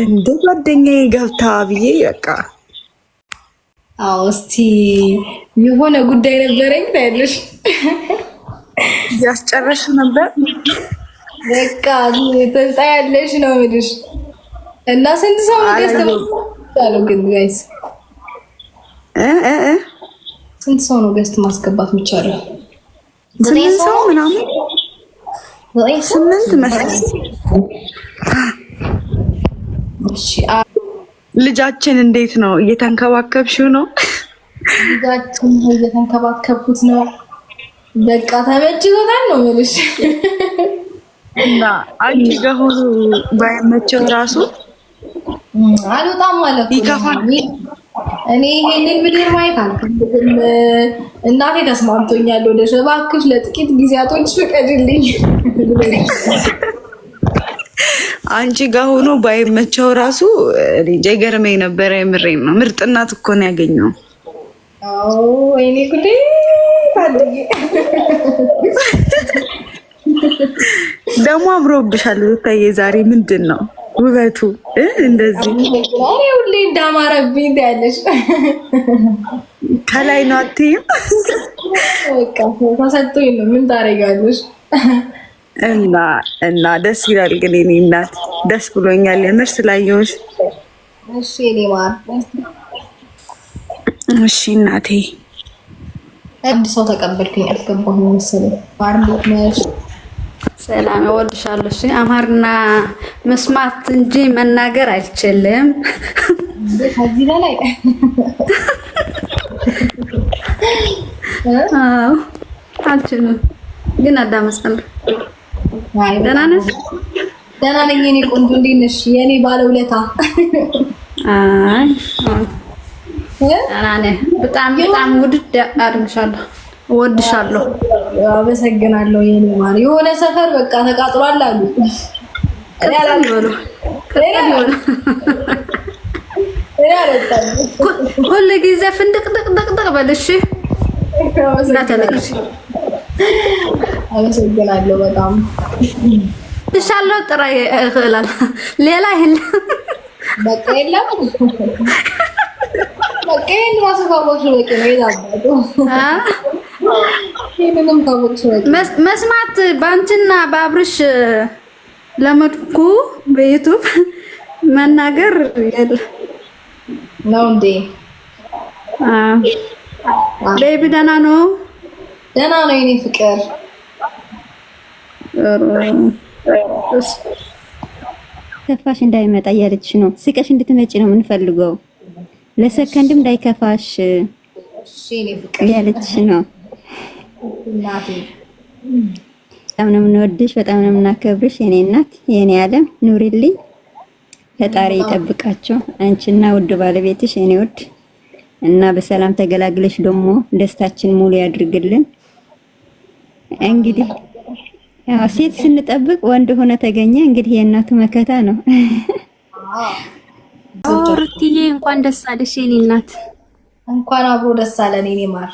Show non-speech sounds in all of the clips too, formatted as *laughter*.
እንደ ጓደኛዬ ገብታ ብዬ በቃ አዎ፣ እስቲ የሆነ ጉዳይ ነበረኝ ታያለሽ፣ ያስጨረሽ ነበር በቃ ተጣያለሽ ነው የምልሽ። እና ስንት ሰው ነው ግን ጋይስ ስንት ሰው ነው ገዝት ማስገባት የሚቻለው? ስንት ሰው ምናምን ስምንት መሰለኝ ልጃችን እንዴት ነው? እየተንከባከብሽው ነው? ልጃችን እየተንከባከብኩት ነው። በቃ ተመችቶታል ነው የምልሽ። እና አንቺ ጋር ሆኖ ባይመቸው ራሱ አልወጣም ማለት ይከፋል። እኔ ይሄንን ምድር ማየት አልፈልግም። እናቴ ተስማምቶኛል። ወደ እባክሽ ለጥቂት ጊዜያቶች ፍቀድልኝ አንቺ ጋ ሆኖ ባይመቸው ራሱ እንጃ ይገርመኝ ነበረ። የምሬ ነው። ምርጥ እናት እኮ ነው ያገኘው። ወይኔ ጉዴ! ደግሞ አምሮብሻል ብታይ። ዛሬ ምንድን ነው ውበቱ እንደዚህ ሁሌ እንዳማረብኝ ያለሽ ከላይ ነው አትይም። ተሰጥቶኝ ነው ምን ታደርጊያለሽ? እና እና ደስ ይላል። ግን የኔ እናት ደስ ብሎኛል የምር ስላየሁሽ። እሺ እኔ ማለት እሺ እናቴ ሰው ተቀበልኩኝ። አልገባሁ መሰለኝ። ባርሎት ነሽ ሰላም እወድሻለሁ። እሺ አማርና መስማት እንጂ መናገር አልችልም ከዚህ በላይ አዎ አልችልም፣ ግን አዳመጽ ደህና ነሽ? ደህና ነኝ የኔ ቆንጆ፣ እንዴት ነሽ የኔ ባለውለታ? አይ ደህና ነኝ። በጣም በጣም ውድድ አድርግሻለሁ፣ እወድሻለሁ። አመሰግናለሁ የኔ ማር። የሆነ ሰፈር በቃ ተቃጥሏል አሉ ሁሉ ጊዜ ፍንድቅ ድቅ ድቅ ድቅ በልሽ እንዳትለቅሽ አመሰግናለሁ በጣም ትሻለው። ጥራ ይላል። ሌላ የለም በቃ የለም በቃ የለም። እራሱ ካወቅሽ በቂ ነው። ይዛባቱ ይሄንንም ካወቅሽ በቂ መስማት በአንቺና በአብርሽ ለመድኩ በዩቱብ መናገር የለ ነው እንዴ? ቤቢ ደህና ነው፣ ደህና ነው የኔ ፍቅር ከፋሽ እንዳይመጣ ያለች ነው። ስቀሽ እንድትመጪ ነው የምንፈልገው። ለሰከንድም እንዳይከፋሽ እያለችሽ ነው። በጣም ነው የምንወድሽ፣ በጣም ነው የምናከብርሽ። የኔ እናት፣ የኔ ዓለም ኑሪልኝ። ፈጣሪ ይጠብቃቸው አንቺና ውድ ባለቤትሽ የኔ ውድ እና በሰላም ተገላግለሽ ደግሞ ደስታችን ሙሉ ያድርግልን እንግዲህ ሴት ስንጠብቅ ወንድ ሆነ ተገኘ። እንግዲህ የእናቱ መከታ ነው። ሩትዬ እንኳን ደስ አለሽ የኔ እናት፣ እንኳን አብሮ ደስ አለን የኔ ማር።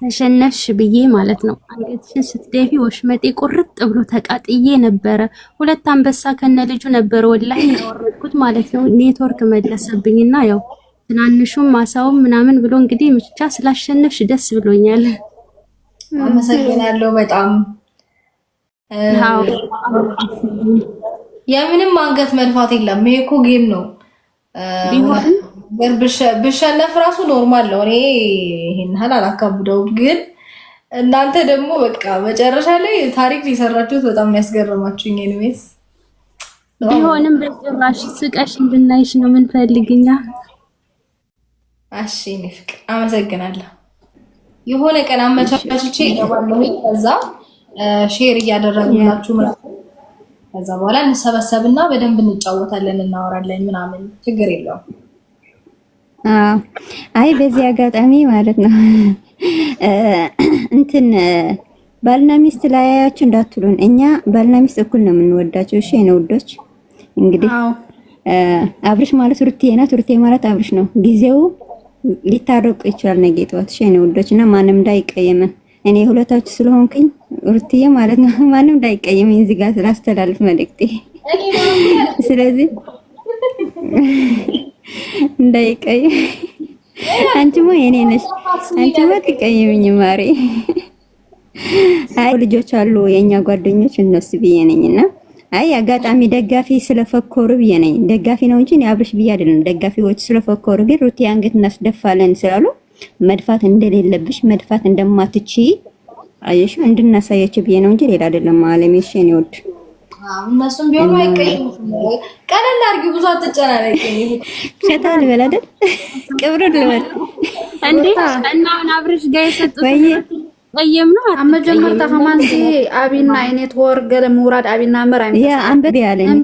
ተሸነፍሽ ብዬ ማለት ነው። አንገትሽን ስትደፊ ወሽመጤ ቁርጥ ብሎ ተቃጥዬ ነበረ። ሁለት አንበሳ ከነ ልጁ ነበረ ወላሂ ያወረድኩት ማለት ነው። ኔትወርክ መለሰብኝና ያው ትናንሹም ማሳውም ምናምን ብሎ እንግዲህ ብቻ ስላሸነፍሽ ደስ ብሎኛል። አመሰግናለሁ በጣም የምንም አንገት መልፋት የለም። ይሄ እኮ ጌም ነው። ብሸነፍ ራሱ ኖርማል ነው። እኔ ይሄን ያህል አላካብደውም። ግን እናንተ ደግሞ በቃ መጨረሻ ላይ ታሪክ የሰራችሁት በጣም ያስገረማችሁኝ። ኒሜስ ቢሆንም በጭራሽ ስቀሽ እንድናይሽ ነው ምንፈልግኛ። እሺ እኔ ፍቅር አመሰግናለሁ። የሆነ ቀን አመቻችቼ እገባለሁ ከዛ ሼር እያደረግላችሁ ምናምን ከዛ በኋላ እንሰበሰብና በደንብ እንጫወታለን፣ እናወራለን ምናምን ችግር የለውም። አይ በዚህ አጋጣሚ ማለት ነው እንትን ባልና ሚስት ላያያችሁ እንዳትሉን፣ እኛ ባልና ሚስት እኩል ነው የምንወዳቸው። እሺ ነው ውዶች፣ እንግዲህ አብርሽ ማለት ሩቴ ናት፣ ሩቴ ማለት አብርሽ ነው። ጊዜው ሊታረቁ ይችላል ነገ ጠዋት። እሺ ውዶች እና ማንም እንዳይቀየመን እኔ ሁለታችሁ ስለሆንኩኝ ሩትዬ ማለት ነው *laughs* ማንም እንዳይቀየም እዚህ ጋር ስላስተላልፍ መልእክቴ። *laughs* ስለዚህ *laughs* እንዳይቀየም አንቺማ የኔ ነሽ፣ አንቺማ ትቀየምኝ ማሬ። አይ ልጆች አሉ የኛ ጓደኞች እነሱ ብዬ ነኝና አይ አጋጣሚ ደጋፊ ስለፈኮሩ ብዬ ነኝ። ደጋፊ ነው እንጂ አብርሽ ብዬ አይደለም። ደጋፊዎች ስለፈኮሩ ግን ሩት አንገት እናስደፋለን ስላሉ መድፋት እንደሌለብሽ መድፋት እንደማትች አየሽ፣ እንድናሳያቸው ብዬ ነው እንጂ ሌላ አይደለም። አለም የሽን ይወድ እነሱም ቢሆን አይቀይሙሽም። ቀለል አድርጊ፣ ብዙ አትጨናነቂ። ሸታ ልበል አይደል? ቅብር ልበል እንዴ? እና አሁን አብረሽ ጋር የሰጡት ቀየም ነው አመጀመር አቢና ያ ያለኝ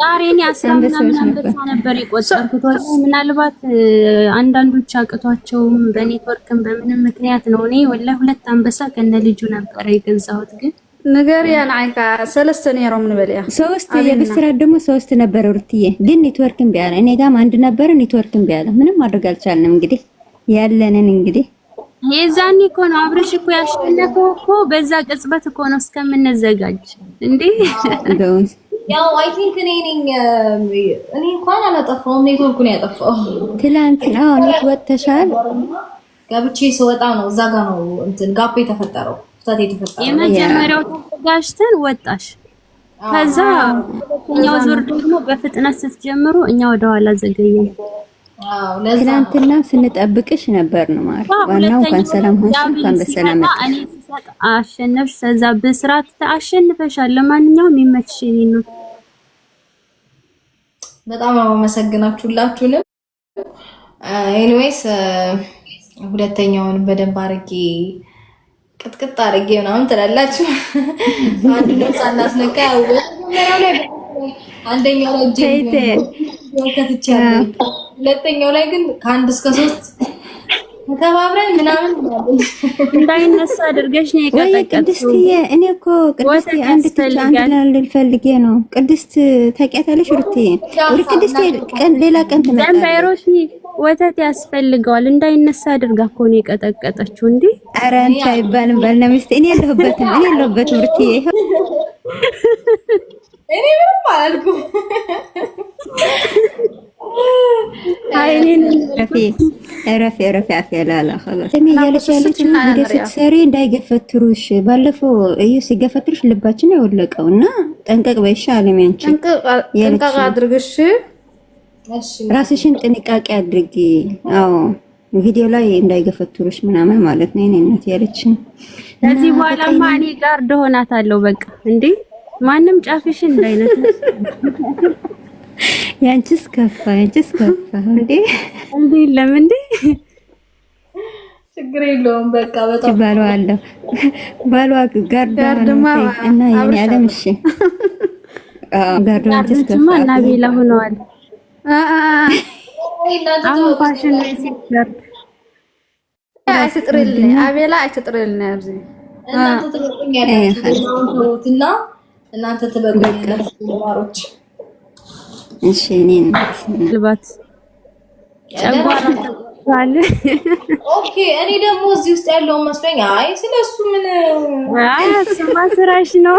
ዛሬ እኔ አስራ ምናምን አንበሳ ነበር የቆጠርኩት። ወላሂ ምናልባት አንዳንዶች አቅቷቸውም በኔትወርክም በምንም ምክንያት ነው። እኔ ወላሂ ሁለት አንበሳ ከነ ልጁ ነበረ የገዛሁት። ግን ነገር ያ ንዓይካ ሰለስተ ነው ንበል በለያ ሶስት የብስራት ደግሞ ሶስት ነበር ሩትዬ። ግን ኔትወርክም ቢያለ እኔ ጋም አንድ ነበር ኔትወርክም ቢያለ ምንም ማድረግ አልቻልንም። እንግዲህ ያለንን እንግዲህ የዛኔ እኮ ነው አብረሽ እኮ ያሸነፈው እኮ በዛ ቅጽበት እኮ ነው እስከምንዘጋጅ እንዴ ያው አይ ቲንክ እኔ ነኝ እኔ እንኳን አላጠፋሁም። ኔትወርኩ ነው ያጠፋው። ትላንት ነው ኔት ወጥተሻል። ገብቼ ስወጣ ነው እዛ ጋር ነው እንትን ጋፕ የተፈጠረው ፍታት የተፈጠረው። የመጀመሪያው ተጋሽተን ወጣሽ። ከዛ ሁለተኛው ዙር ደግሞ በፍጥነት ስትጀምሩ እኛ ወደኋላ ዘገየን። ትናንትና ስንጠብቅሽ ነበር ነው ማለት ዋናው እንኳን ሰላም ሆንሽ እንኳን በሰላም እኔ ስሰጥ አሸነፍሽ ከዛ በስርዓት አሸንፈሻል ለማንኛውም ይመችሽ ነው በጣም አመሰግናችሁ ሁላችሁንም ኤኒዌይስ ሁለተኛውን በደንብ አድርጌ ቅጥቅጥ አድርጌ ምናምን ትላላችሁ አንድ ድምፅ አናስነካ ያው አንደኛው ነው ጀይ ሁለተኛው ላይ ግን ከአንድ እስከ ሶስት ተባብረን ምናምን እንዳይነሳ አድርገሽ ነው የቀጠቀጥሽው። ቅድስትዬ እኔ እኮ ቅድስት አንድ ትች አንድ ልፈልጌ ነው። ቅድስት ታውቂያታለሽ? ሩትዬ ወደ ቅድስት ሌላ ቀን ትመጣለሽ። ወተት ያስፈልገዋል እንዳይነሳ አድርጋ እኮ ነው የቀጠቀጠችው። እንዴ ኧረ እንትን አይባልም ባልና ሚስት። እኔ የለሁበትም፣ እኔ የለሁበትም ሩትዬ። እኔ ምንም አላልኩም ረፊ ረፊ አፍ ያላላ ተሜ እያለች ያለችው ወደ ስትሰሪ እንዳይገፈትሩሽ። ባለፈው እዩ ሲገፈትሩሽ ልባችን የወለቀው እና ጠንቀቅ በይሻ አለም ያንቺ ጠንቀቅ አድርግሽ፣ ራስሽን ጥንቃቄ አድርጊ። አዎ ቪዲዮ ላይ እንዳይገፈትሩሽ ምናምን ማለት ነው የእኔነት ያለችን። ከዚህ በኋላ ማኒ ጋር ደሆናት አለው በቃ እንዴ ማንም ጫፍሽን እንዳይነት ያንቺስ ከፋ፣ ያንቺስ ከፋ። እንዴ እንዴ! ለምን እንዴ? ችግር የለውም በቃ በጣም ባሏ አለ ባሏ ጋርዳማ እና የኔ አለም እሺ፣ *laughs* ጋርዳማ ጀስከፋ እና ቤላ ሆነዋል። አሁን ፋሽን ነው ሲስተር አይስጥርልኝ፣ አቤላ አይስጥርልኝ። አብዚ እናንተ ትበቁኛላችሁ እና እናንተ ትበቁኛላችሁ ማሮች እሺ ልባት ኦኬ እኔ ደግሞ እዚህ ውስጥ ያለው መስሎኝ፣ አይ ስለሱ ምን ስማ ስራሽ ነው።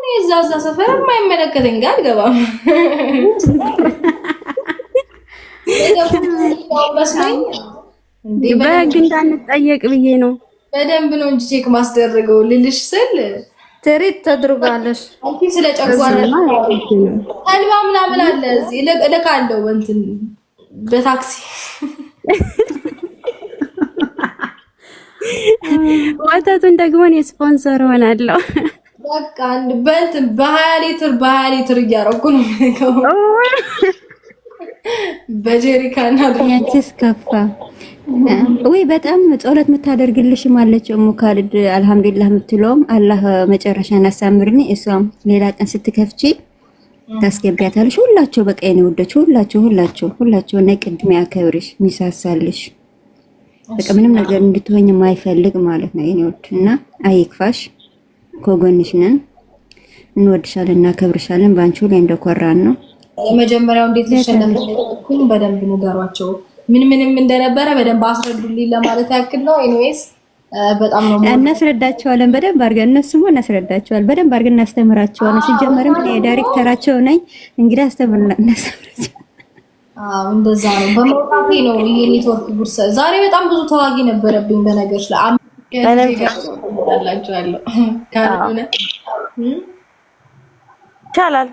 እኔ እዛ እዛ ሰፈር የማይመለከተኝ ጋር አልገባም። በህግ እንዳንጠየቅ ብዬ ነው። በደንብ ነው እንጂ ቼክ ማስደረገው ልልሽ ስል ትሪት ተድርጓለሽ እንኪ ስለ ጨጓራ ተልባ ምናምን አለ እዚህ እልካለሁ እንትን በታክሲ ወተቱን ደግሞ እኔ ስፖንሰር ሆናለሁ። በቃ አንድ በእንትን በሀያ ሊትር በሀያ ሊትር እያደረኩ ነው የሚገባው በጀሪካና ድንያችስ ከፋ ወይ በጣም ጸሎት የምታደርግልሽም አለች እሙ ካልድ አልሐምዱሊላህ የምትለውም አላህ መጨረሻን አሳምርልኝ። እሷም ሌላ ቀን ስትከፍቺ ታስገቢያታለሽ። ሁላቸው በቃ የኔ ወደች ሁላቸው ሁላቸው ሁላቸው ነ ቅድም ያከብርሽ ሚሳሳልሽ በቃ ምንም ነገር እንድትሆኝ የማይፈልግ ማለት ነው የኔ ውድ እና አይክፋሽ፣ ከጎንሽ ነን፣ እንወድሻለን፣ እናከብርሻለን። በአንቺ ላይ እንደኮራን ነው። የመጀመሪያው እንዴት ልሸነፍ በደንብ ንገሯቸው። ምን ምንም እንደነበረ በደንብ አስረዱልኝ ለማለት ያክል ነው። ኤኒዌይስ በጣም ነው እናስረዳቸዋለን፣ በደንብ አድርገን እነሱም እናስረዳቸዋለን፣ በደንብ አድርገን እናስተምራቸዋለን። ሲጀመርም ዳይሬክተራቸው ነኝ እንግዲህ አስተምርና እናስተምራቸው። አዎ እንደዛ ነው። በመውጣቴ ነው ይሄ ኔትወርክ ጉርሰ ዛሬ በጣም ብዙ ተዋጊ ነበረብኝ። በነገርሽ ለአላችኋለሁ ካልሆነ ይቻላል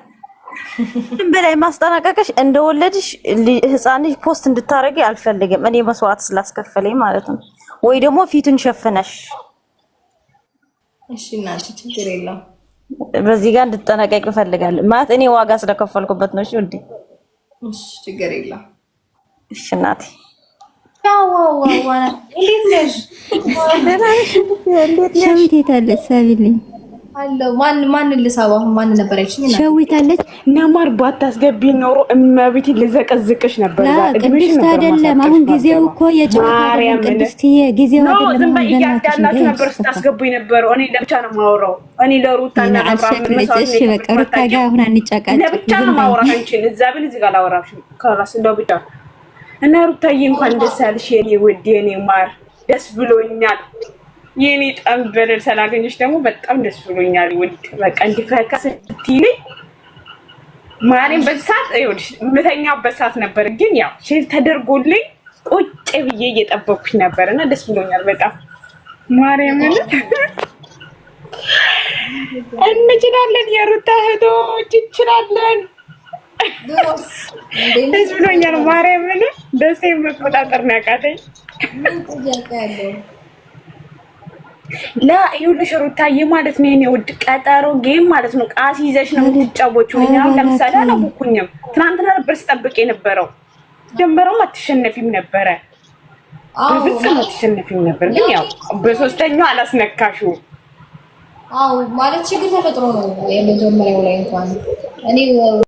በላይ ማስጠናቀቀሽ እንደወለድሽ ህፃንሽ ፖስት እንድታረጊ አልፈልግም። እኔ መስዋዕት ስላስከፈለኝ ማለት ነው። ወይ ደግሞ ፊቱን ሸፍነሽ በዚህ ጋር እንድጠናቀቅ እፈልጋለሁ ማለት እኔ ዋጋ ስለከፈልኩበት ነው። እሺ ውዴ፣ እሺ፣ ችግር የለም። እናቴ፣ እንዴት ነሽ? እንዴት ነሽ? ሰዊት የታለች? ሳቢልኝ አለው ማን ማን ልሳባ ማን ነበር ሸዊታለች ናማር ባታስገቢ ኖሮ እመቤቴ ልዘቀዝቅሽ ነበር። ቅድስት አይደለም አሁን ጊዜው እኮ የጨዋታ ቅድስት ጊዜው አይደለም። ነበር ስታስገቡ እኔ ለብቻ ነው የማወራው። እኔ ለሩታ እና ሩታዬ እንኳን ደስ ያለሽ የኔ ውድ የኔ ማር፣ ደስ ብሎኛል የኔ ጣም በደል ስላገኘች ደግሞ በጣም ደስ ብሎኛል። ውድ በቃ እንዲፈካ ስትይኝ ማርያም በሳት ሰዓት ይኸውልሽ የምተኛበት ሰዓት ነበር፣ ግን ያው ሼር ተደርጎልኝ ቁጭ ብዬ እየጠበኩሽ ነበር እና ደስ ብሎኛል በጣም ማርያምን። እንችላለን፣ የሩታ እህቶች እንችላለን። ደስ ብሎኛል ማርያምን። ደሴ መቆጣጠር ነው ያቃተኝ። ላ ይኸውልሽ ሩታዬ ማለት ነው የኔ ውድ ቀጠሮ ጌም ማለት ነው ቃስ ይዘሽ ነው የምትጫወቹ። እኛ ለምሳሌ አላወኩኝም። ትናንትና ነበር ስጠብቅ የነበረው ጀምበረውም አትሸነፊም ነበረ፣ በፍጹም አትሸነፊም ነበር። ግን ያው በሶስተኛው አላስነካሹ አዎ ማለት ችግር ተፈጥሮ ነው የመጀመሪያው ላይ እንኳን እኔ